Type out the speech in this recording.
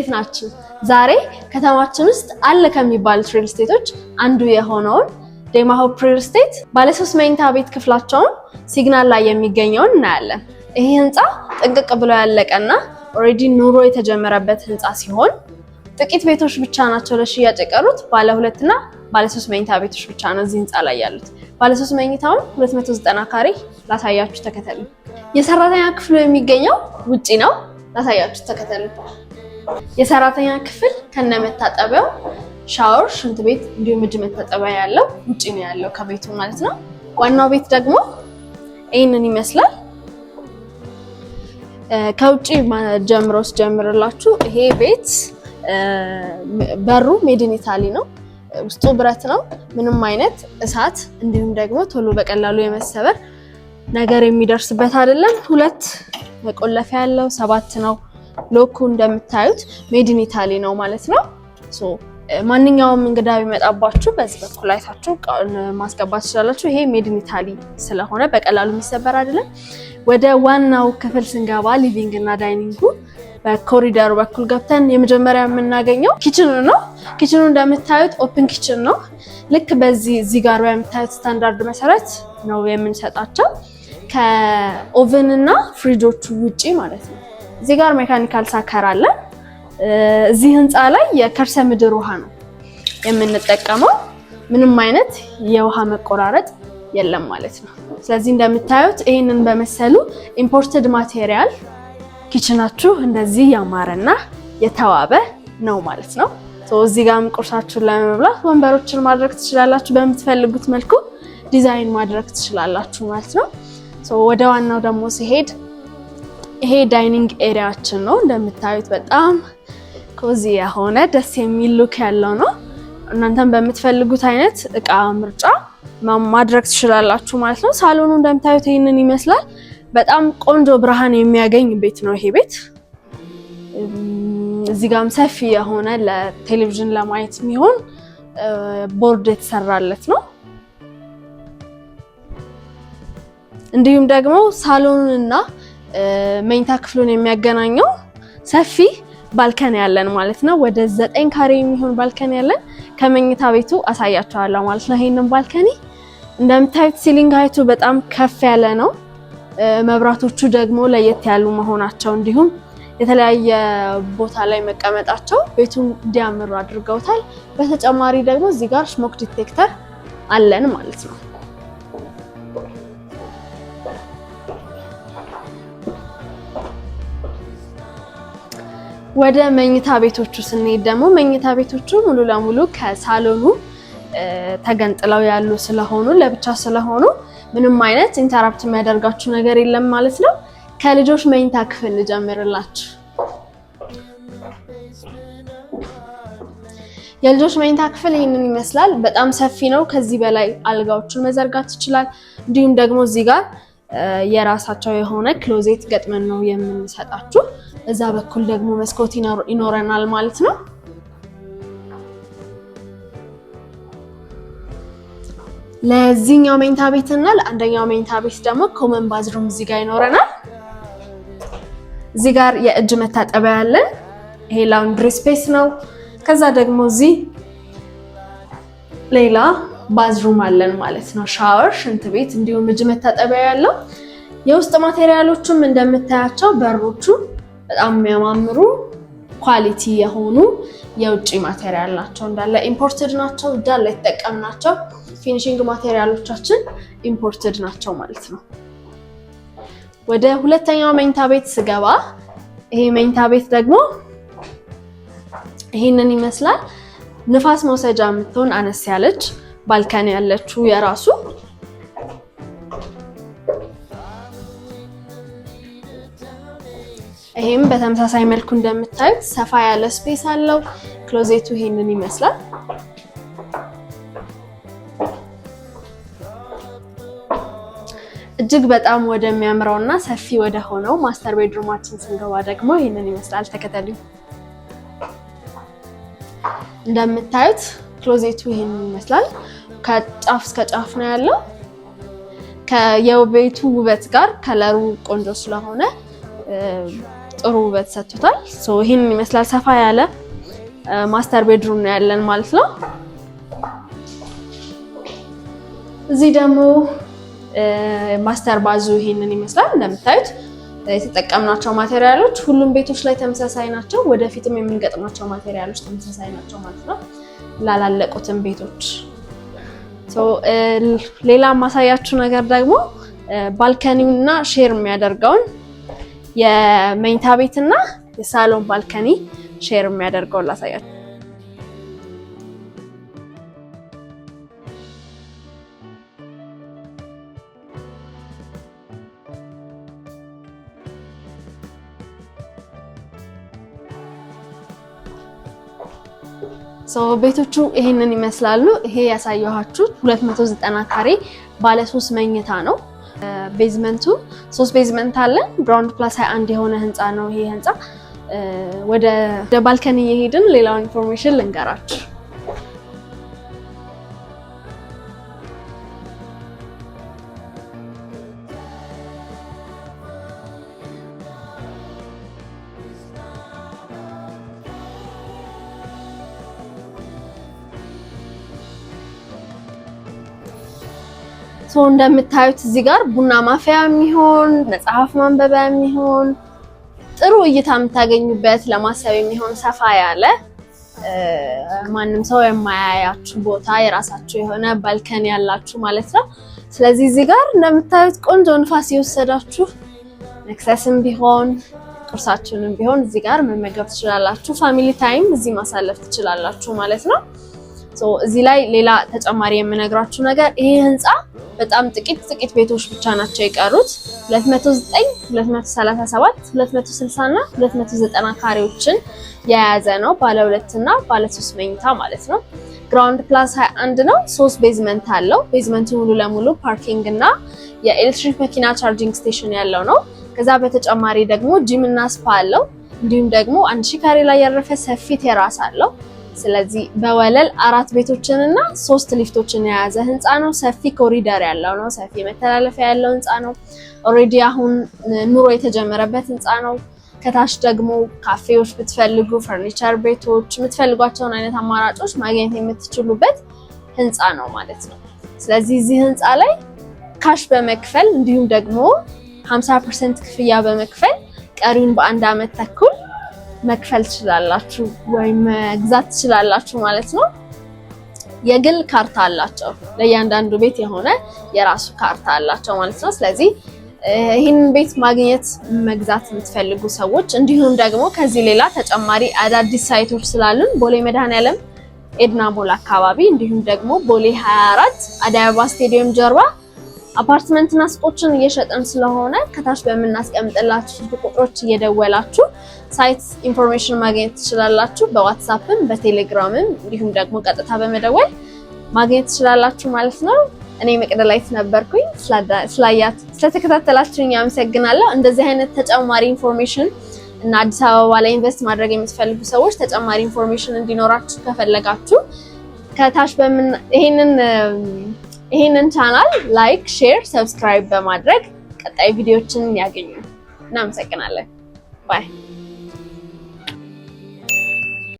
እንዴት ናችሁ? ዛሬ ከተማችን ውስጥ አለ ከሚባሉት ሪል ስቴቶች አንዱ የሆነውን ዴማ ሆፕ ሪል ስቴት ባለሶስት መኝታ ቤት ክፍላቸውን ሲግናል ላይ የሚገኘውን እናያለን። ይህ ህንፃ ጥንቅቅ ብሎ ያለቀና ኦልሬዲ ኑሮ የተጀመረበት ህንፃ ሲሆን ጥቂት ቤቶች ብቻ ናቸው ለሽያጭ የቀሩት። ባለ ሁለትና ባለ መኝታ ቤቶች ብቻ ነው እዚህ ህንፃ ላይ ያሉት። ባለ ሶስት መኝታውን 290 ካሬ ላሳያችሁ፣ ተከተሉ። የሰራተኛ ክፍሉ የሚገኘው ውጪ ነው። ላሳያችሁ፣ ተከተሉ። የሰራተኛ ክፍል ከነመታጠቢያው ሻወር፣ ሽንት ቤት እንዲሁም እጅ መታጠቢያ ያለው ውጭ ነው ያለው ከቤቱ ማለት ነው። ዋናው ቤት ደግሞ ይህንን ይመስላል። ከውጭ ጀምሮ ስጀምርላችሁ ይሄ ቤት በሩ ሜድን ኢታሊ ነው። ውስጡ ብረት ነው። ምንም አይነት እሳት እንዲሁም ደግሞ ቶሎ በቀላሉ የመሰበር ነገር የሚደርስበት አይደለም። ሁለት መቆለፊያ ያለው ሰባት ነው። ሎኩ እንደምታዩት ሜድን ኢታሊ ነው ማለት ነው። ማንኛውም እንግዳ ቢመጣባችሁ በዚህ በኩል አይታችሁ ማስገባት ትችላላችሁ። ይሄ ሜድን ኢታሊ ስለሆነ በቀላሉ የሚሰበር አይደለም። ወደ ዋናው ክፍል ስንገባ ሊቪንግ እና ዳይኒንጉ በኮሪደሩ በኩል ገብተን የመጀመሪያ የምናገኘው ኪችኑ ነው። ኪችኑ እንደምታዩት ኦፕን ኪችን ነው። ልክ በዚህ እዚህ ጋር በምታዩት ስታንዳርድ መሰረት ነው የምንሰጣቸው ከኦቨን እና ፍሪጆቹ ውጪ ማለት ነው። እዚህ ጋር ሜካኒካል ሳከር አለ። እዚህ ህንፃ ላይ የከርሰ ምድር ውሃ ነው የምንጠቀመው። ምንም አይነት የውሃ መቆራረጥ የለም ማለት ነው። ስለዚህ እንደምታዩት ይህንን በመሰሉ ኢምፖርትድ ማቴሪያል ኪችናችሁ እንደዚህ ያማረና የተዋበ ነው ማለት ነው። እዚህ ጋርም ቁርሳችሁን ለመብላት ወንበሮችን ማድረግ ትችላላችሁ። በምትፈልጉት መልኩ ዲዛይን ማድረግ ትችላላችሁ ማለት ነው። ወደ ዋናው ደግሞ ሲሄድ ይሄ ዳይኒንግ ኤሪያችን ነው። እንደምታዩት በጣም ኮዚ የሆነ ደስ የሚል ሉክ ያለው ነው። እናንተም በምትፈልጉት አይነት እቃ ምርጫ ማድረግ ትችላላችሁ ማለት ነው። ሳሎኑ እንደምታዩት ይህንን ይመስላል። በጣም ቆንጆ ብርሃን የሚያገኝ ቤት ነው ይሄ ቤት። እዚህ ጋም ሰፊ የሆነ ለቴሌቪዥን ለማየት የሚሆን ቦርድ የተሰራለት ነው። እንዲሁም ደግሞ ሳሎኑንና መኝታ ክፍሉን የሚያገናኘው ሰፊ ባልከን ያለን ማለት ነው። ወደ ዘጠኝ ካሬ የሚሆን ባልከን ያለን ከመኝታ ቤቱ አሳያቸዋለሁ ማለት ነው። ይህንን ባልከኒ እንደምታዩት ሲሊንግ ሀይቱ በጣም ከፍ ያለ ነው። መብራቶቹ ደግሞ ለየት ያሉ መሆናቸው እንዲሁም የተለያየ ቦታ ላይ መቀመጣቸው ቤቱን እንዲያምሩ አድርገውታል። በተጨማሪ ደግሞ እዚህ ጋር ስሞክ ዲቴክተር አለን ማለት ነው። ወደ መኝታ ቤቶቹ ስንሄድ ደግሞ መኝታ ቤቶቹ ሙሉ ለሙሉ ከሳሎኑ ተገንጥለው ያሉ ስለሆኑ ለብቻ ስለሆኑ ምንም አይነት ኢንተራፕት የሚያደርጋችሁ ነገር የለም ማለት ነው። ከልጆች መኝታ ክፍል ልጀምርላችሁ። የልጆች መኝታ ክፍል ይህንን ይመስላል። በጣም ሰፊ ነው። ከዚህ በላይ አልጋዎችን መዘርጋት ይችላል። እንዲሁም ደግሞ እዚህ ጋር የራሳቸው የሆነ ክሎዜት ገጥመን ነው የምንሰጣችሁ። እዛ በኩል ደግሞ መስኮት ይኖረናል ማለት ነው። ለዚህኛው መኝታ ቤት እና ለአንደኛው መኝታ ቤት ደግሞ ኮመን ባዝሩም እዚህ ጋር ይኖረናል። እዚህ ጋር የእጅ መታጠቢያ ያለን ይሄ ላውንድሪ ስፔስ ነው። ከዛ ደግሞ እዚህ ሌላ ባዝሩም አለን ማለት ነው። ሻወር፣ ሽንት ቤት እንዲሁም እጅ መታጠቢያ ያለው የውስጥ ማቴሪያሎቹም እንደምታያቸው በሮቹ በጣም የሚያማምሩ ኳሊቲ የሆኑ የውጭ ማቴሪያል ናቸው። እንዳለ ኢምፖርትድ ናቸው። እንዳለ የተጠቀምናቸው ፊኒሽንግ ማቴሪያሎቻችን ኢምፖርትድ ናቸው ማለት ነው። ወደ ሁለተኛው መኝታ ቤት ስገባ ይሄ መኝታ ቤት ደግሞ ይሄንን ይመስላል። ንፋስ መውሰጃ የምትሆን አነስ ያለች ባልከን ያለችው የራሱ ይሄም በተመሳሳይ መልኩ እንደምታዩት ሰፋ ያለ ስፔስ አለው። ክሎዜቱ ይሄንን ይመስላል። እጅግ በጣም ወደሚያምረው እና ሰፊ ወደ ሆነው ማስተር ቤድሩማችን ስንገባ ደግሞ ይህንን ይመስላል። ተከተሉ። እንደምታዩት ክሎዜቱ ይህንን ይመስላል። ከጫፍ እስከ ጫፍ ነው ያለው። የቤቱ ውበት ጋር ከለሩ ቆንጆ ስለሆነ ጥሩ ውበት ሰጥቶታል። ይህን ይመስላል። ሰፋ ያለ ማስተር ቤድሩም ነው ያለን ማለት ነው። እዚህ ደግሞ ማስተር ባዙ ይሄንን ይመስላል። እንደምታዩት የተጠቀምናቸው ማቴሪያሎች ሁሉም ቤቶች ላይ ተመሳሳይ ናቸው። ወደፊትም የምንገጥማቸው ማቴሪያሎች ተመሳሳይ ናቸው ማለት ነው። ላላለቁትም ቤቶች ሌላ ማሳያችሁ ነገር ደግሞ ባልከኒው እና ሼር የሚያደርገውን የመኝታ ቤት እና የሳሎን ባልከኒ ሼር የሚያደርገውን ላሳያችሁ። ቤቶቹ ይሄንን ይመስላሉ። ይሄ ያሳየኋችሁ 290 ካሬ ባለ ሶስት መኝታ ነው። ቤዝመንቱ ሶስት ቤዝመንት አለን። ግራውንድ ፕላስ 21 የሆነ ህንፃ ነው ይሄ ህንፃ። ወደ ባልከኒ እየሄድን ሌላውን ኢንፎርሜሽን ልንገራችሁ። ሶ እንደምታዩት እዚህ ጋር ቡና ማፍያ የሚሆን መጽሐፍ ማንበቢያ የሚሆን ጥሩ እይታ የምታገኙበት ለማሰብ የሚሆን ሰፋ ያለ ማንም ሰው የማያያችሁ ቦታ የራሳችሁ የሆነ ባልከን ያላችሁ ማለት ነው። ስለዚህ እዚህ ጋር እንደምታዩት ቆንጆ ንፋስ የወሰዳችሁ መክሰስም ቢሆን ቁርሳችሁንም ቢሆን እዚህ ጋር መመገብ ትችላላችሁ። ፋሚሊ ታይም እዚህ ማሳለፍ ትችላላችሁ ማለት ነው። እዚህ ላይ ሌላ ተጨማሪ የምነግራችሁ ነገር ይህ ህንፃ በጣም ጥቂት ጥቂት ቤቶች ብቻ ናቸው የቀሩት 209፣ 237፣ 260 እና 290 ካሬዎችን የያዘ ነው። ባለ ሁለት እና ባለ ሶስት መኝታ ማለት ነው። ግራውንድ ፕላስ 21 ነው። ሶስት ቤዝመንት አለው። ቤዝመንቱ ሙሉ ለሙሉ ፓርኪንግ እና የኤሌክትሪክ መኪና ቻርጂንግ ስቴሽን ያለው ነው። ከዛ በተጨማሪ ደግሞ ጂም እና ስፓ አለው። እንዲሁም ደግሞ አንድ ሺ ካሬ ላይ ያረፈ ሰፊ ቴራስ አለው። ስለዚህ በወለል አራት ቤቶችን እና ሶስት ሊፍቶችን የያዘ ህንፃ ነው። ሰፊ ኮሪደር ያለው ነው። ሰፊ መተላለፊያ ያለው ህንፃ ነው። ኦልሬዲ አሁን ኑሮ የተጀመረበት ህንፃ ነው። ከታች ደግሞ ካፌዎች ብትፈልጉ፣ ፈርኒቸር ቤቶች፣ የምትፈልጓቸውን አይነት አማራጮች ማግኘት የምትችሉበት ህንፃ ነው ማለት ነው። ስለዚህ እዚህ ህንፃ ላይ ካሽ በመክፈል እንዲሁም ደግሞ 50 ፐርሰንት ክፍያ በመክፈል ቀሪውን በአንድ አመት ተኩል መክፈል ትችላላችሁ ወይም መግዛት ትችላላችሁ ማለት ነው። የግል ካርታ አላቸው። ለእያንዳንዱ ቤት የሆነ የራሱ ካርታ አላቸው ማለት ነው። ስለዚህ ይህንን ቤት ማግኘት መግዛት የምትፈልጉ ሰዎች እንዲሁም ደግሞ ከዚህ ሌላ ተጨማሪ አዳዲስ ሳይቶች ስላሉን ቦሌ መድኃኔዓለም ኤድና ቦል አካባቢ እንዲሁም ደግሞ ቦሌ 24 አዲስ አበባ ስቴዲየም ጀርባ አፓርትመንትና ሱቆችን እየሸጥን ስለሆነ ከታች በምናስቀምጥላችሁ ስልክ ቁጥሮች እየደወላችሁ ሳይት ኢንፎርሜሽን ማግኘት ትችላላችሁ። በዋትሳፕም በቴሌግራምም እንዲሁም ደግሞ ቀጥታ በመደወል ማግኘት ትችላላችሁ ማለት ነው። እኔ መቅደላዊት ነበርኩኝ። ስላያት ስለተከታተላችሁኝ አመሰግናለሁ። እንደዚህ አይነት ተጨማሪ ኢንፎርሜሽን እና አዲስ አበባ ላይ ኢንቨስት ማድረግ የምትፈልጉ ሰዎች ተጨማሪ ኢንፎርሜሽን እንዲኖራችሁ ከፈለጋችሁ ከታች በምን ይሄንን ይህንን ቻናል ላይክ፣ ሼር፣ ሰብስክራይብ በማድረግ ቀጣይ ቪዲዮዎችን ያገኙ። እናመሰግናለን። ባይ